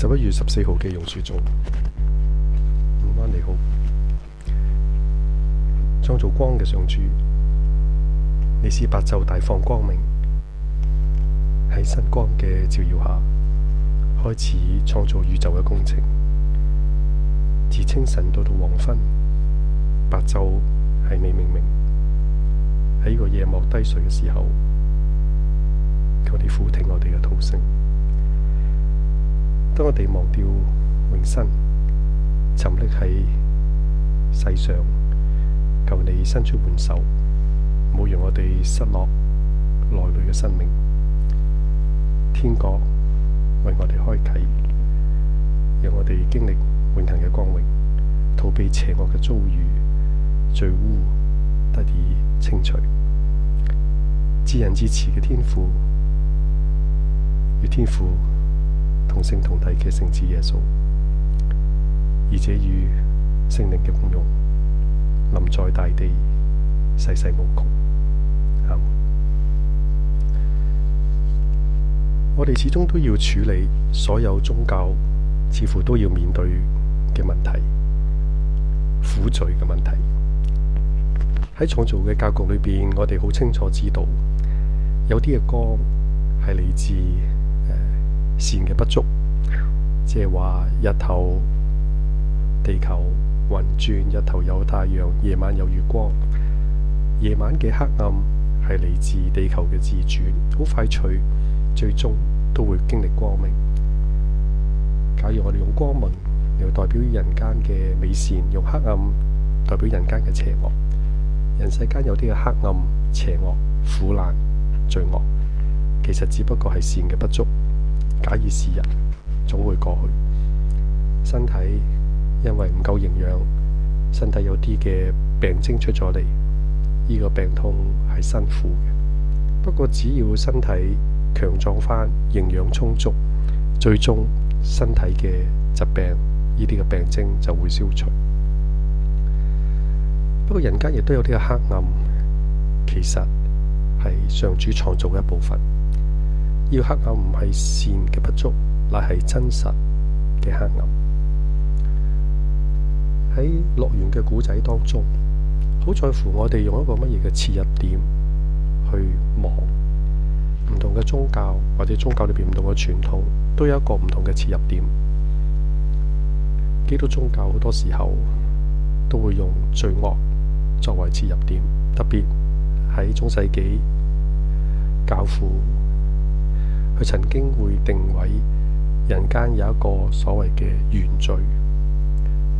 十一月十四號嘅榕樹中，午安你好，創造光嘅上主，你是白晝大放光明，喺新光嘅照耀下，開始創造宇宙嘅工程，自清晨到到黃昏，白晝係未明明，喺呢個夜幕低垂嘅時候，求你俯聽我哋嘅禱聲。當我哋忘掉永生，沉溺喺世上，求你伸出援手，冇讓我哋失落內裏嘅生命。天國為我哋開啟，讓我哋經歷永恆嘅光榮，逃避邪惡嘅遭遇，罪污得以清除。至仁至慈嘅天父，願天父。同性同體嘅聖子耶穌，而且與聖靈嘅共融臨在大地，世世無窮。Um, 我哋始終都要處理所有宗教似乎都要面對嘅問題，苦罪嘅問題。喺創造嘅格局裏邊，我哋好清楚知道，有啲嘅光係嚟自，善嘅不足，即係話日頭地球運轉，日頭有太陽，夜晚有月光。夜晚嘅黑暗係嚟自地球嘅自轉，好快脆，最終都會經歷光明。假如我哋用光明嚟代表人間嘅美善，用黑暗代表人間嘅邪惡，人世間有啲嘅黑暗、邪惡、苦難、罪惡，其實只不過係善嘅不足。假以時日，總會過去。身體因為唔夠營養，身體有啲嘅病徵出咗嚟，呢個病痛係辛苦嘅。不過只要身體強壯翻，營養充足，最終身體嘅疾病，呢啲嘅病徵就會消除。不過，人間亦都有啲嘅黑暗，其實係上主創造嘅一部分。要黑暗唔係善嘅不足，乃係真實嘅黑暗。喺樂園嘅古仔當中，好在乎我哋用一個乜嘢嘅切入點去望。唔同嘅宗教或者宗教裏邊唔同嘅傳統，都有一個唔同嘅切入點。基督宗教好多時候都會用罪惡作為切入點，特別喺中世紀教父。佢曾經會定位人間有一個所謂嘅原罪，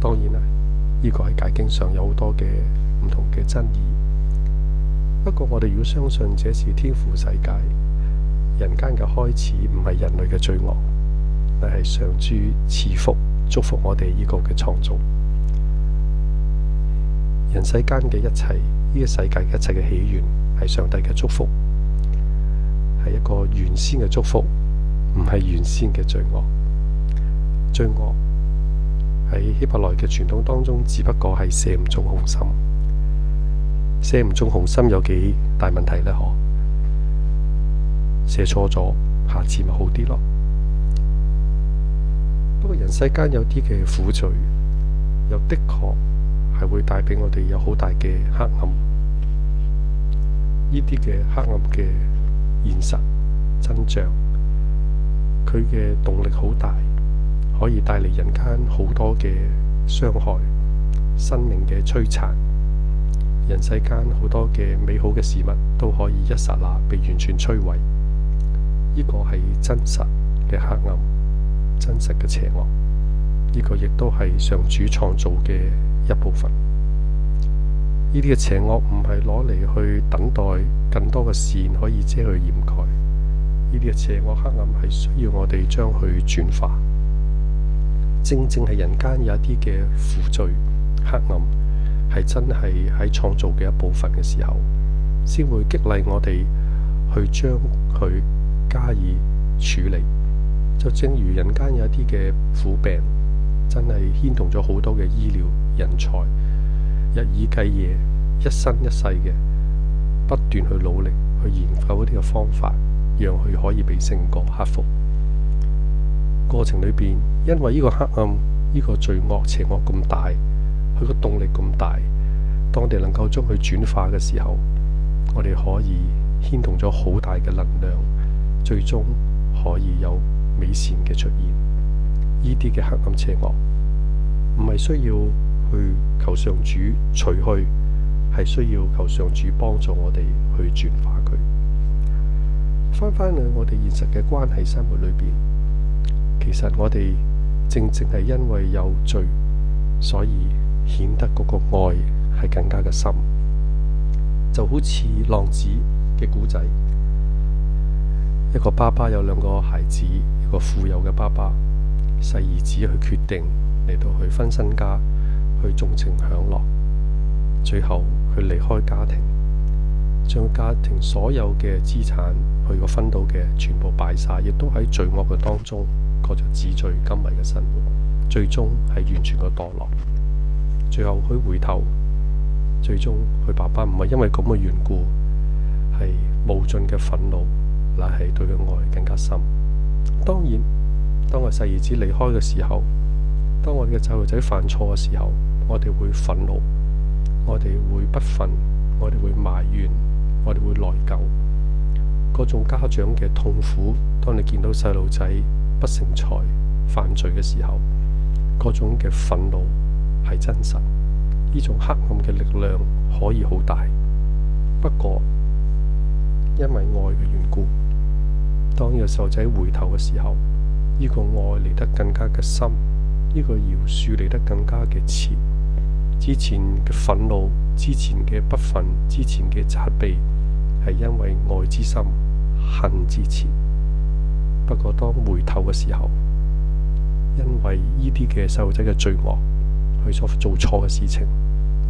當然啦，呢、這個係解經上有好多嘅唔同嘅爭議。不過，我哋如果相信這是天父世界人間嘅開始，唔係人類嘅罪惡，但係上主賜福祝福我哋呢個嘅創造，人世間嘅一切，呢、這個世界嘅一切嘅起源係上帝嘅祝福。係一個原先嘅祝福，唔係原先嘅罪惡。罪惡喺希伯來嘅傳統當中，只不過係射唔中紅心。射唔中紅心有幾大問題呢？嗬、啊，射錯咗，下次咪好啲咯。不過人世間有啲嘅苦罪，又的確係會帶俾我哋有好大嘅黑暗。呢啲嘅黑暗嘅。現實真相，佢嘅動力好大，可以帶嚟人間好多嘅傷害、生命嘅摧殘、人世間好多嘅美好嘅事物都可以一剎那被完全摧毀。呢個係真實嘅黑暗、真實嘅邪惡。呢個亦都係上主創造嘅一部分。呢啲嘅邪惡唔係攞嚟去等待更多嘅線可以遮去掩蓋，呢啲嘅邪惡黑暗係需要我哋將佢轉化。正正係人間有一啲嘅負罪黑暗係真係喺創造嘅一部分嘅時候，先會激勵我哋去將佢加以處理。就正如人間有一啲嘅苦病，真係牽動咗好多嘅醫療人才。日以繼夜，一生一世嘅不斷去努力去研究嗰啲嘅方法，讓佢可以被勝過克服。過程裏邊，因為呢個黑暗、呢個罪惡、邪惡咁大，佢個動力咁大，當我哋能夠將佢轉化嘅時候，我哋可以牽動咗好大嘅能量，最終可以有美善嘅出現。呢啲嘅黑暗邪惡唔係需要。去求上主除去，係需要求上主幫助我哋去轉化佢。翻返去我哋現實嘅關係生活裏邊，其實我哋正正係因為有罪，所以顯得嗰個愛係更加嘅深。就好似浪子嘅故仔，一個爸爸有兩個孩子，一個富有嘅爸爸，細兒子去決定嚟到去分身家。去縱情享樂，最後佢離開家庭，將家庭所有嘅資產去個分到嘅全部敗晒，亦都喺罪惡嘅當中過著紙醉金迷嘅生活，最終係完全個墮落。最後佢回頭，最終佢爸爸唔係因為咁嘅緣故，係無盡嘅憤怒，乃係對佢愛更加深。當然，當我細兒子離開嘅時候，當我嘅細路仔犯錯嘅時候。我哋會憤怒，我哋會不憤，我哋會埋怨，我哋會內疚。嗰種家長嘅痛苦，當你見到細路仔不成才犯罪嘅時候，嗰種嘅憤怒係真實。呢種黑暗嘅力量可以好大，不過因為愛嘅緣故，當有細路仔回頭嘅時候，呢個愛嚟得更加嘅深，呢個饒恕嚟得更加嘅切。之前嘅憤怒，之前嘅不忿，之前嘅責備，係因為愛之深恨之切。不過當回頭嘅時候，因為呢啲嘅細路仔嘅罪惡，佢所做錯嘅事情，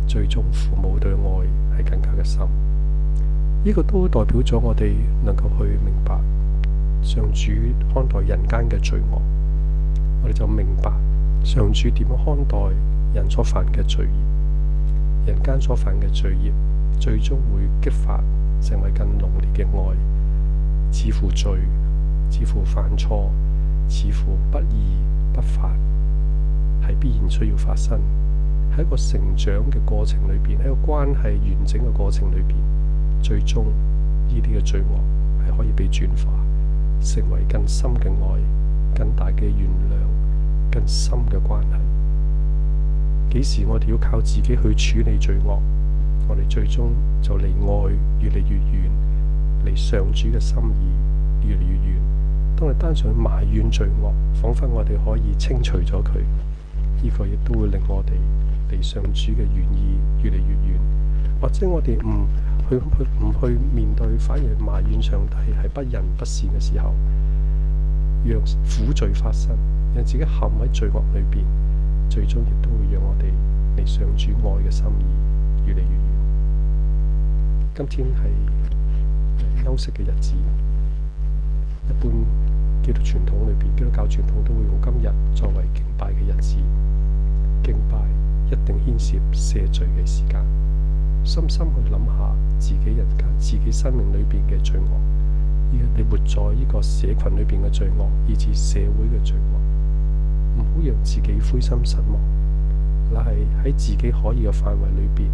最終父母對愛係更加嘅深。呢、這個都代表咗我哋能夠去明白上主看待人間嘅罪惡，我哋就明白上主點樣看待。人所犯嘅罪孽，人間所犯嘅罪孽最終會激發成為更濃烈嘅愛，似乎罪，似乎犯錯似乎不義不法，係必然需要發生。喺一個成長嘅過程裏邊，喺個關係完整嘅過程裏邊，最終呢啲嘅罪惡係可以被轉化，成為更深嘅愛，更大嘅原諒，更深嘅關係。幾時我哋要靠自己去處理罪惡？我哋最終就離愛越嚟越遠，離上主嘅心意越嚟越遠。當你單純埋怨罪惡，仿佛我哋可以清除咗佢，呢、這個亦都會令我哋離上主嘅原意越嚟越遠。或者我哋唔去唔去面對，反而埋怨上帝係不仁不善嘅時候，讓苦罪發生，讓自己陷喺罪惡裏邊。最終亦都會讓我哋離上主愛嘅心意越嚟越遠。今天係休息嘅日子，一般基督教傳統裏邊，基督教傳統都會用今日作為敬拜嘅日子。敬拜一定牽涉赦罪嘅時間，深深去諗下自己人間、自己生命裏邊嘅罪惡，以及你活在呢個社群裏邊嘅罪惡，以至社會嘅罪惡。唔好讓自己灰心失望，嗱係喺自己可以嘅範圍裏邊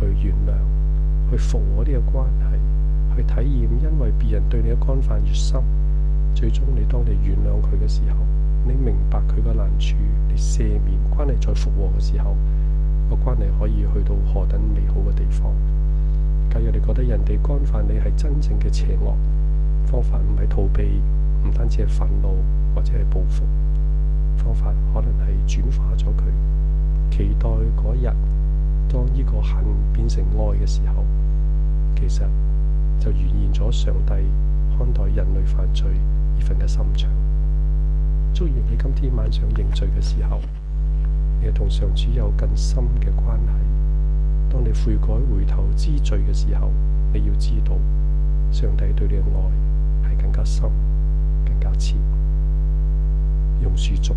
去原諒、去復和呢個關係，去體驗。因為別人對你嘅干犯越深，最終你當你原諒佢嘅時候，你明白佢嘅難處，你赦免關係再復和嘅時候，個關係可以去到何等美好嘅地方。假如你覺得人哋干犯你係真正嘅邪惡方法，唔係逃避，唔單止係憤怒或者係報復。方法可能係轉化咗佢，期待嗰日當呢個恨變成愛嘅時候，其實就現現咗上帝看待人類犯罪而份嘅心腸。祝願你今天晚上認罪嘅時候，你同上主有更深嘅關係。當你悔改回頭之罪嘅時候，你要知道上帝對你嘅愛係更加深、更加切。用樹種。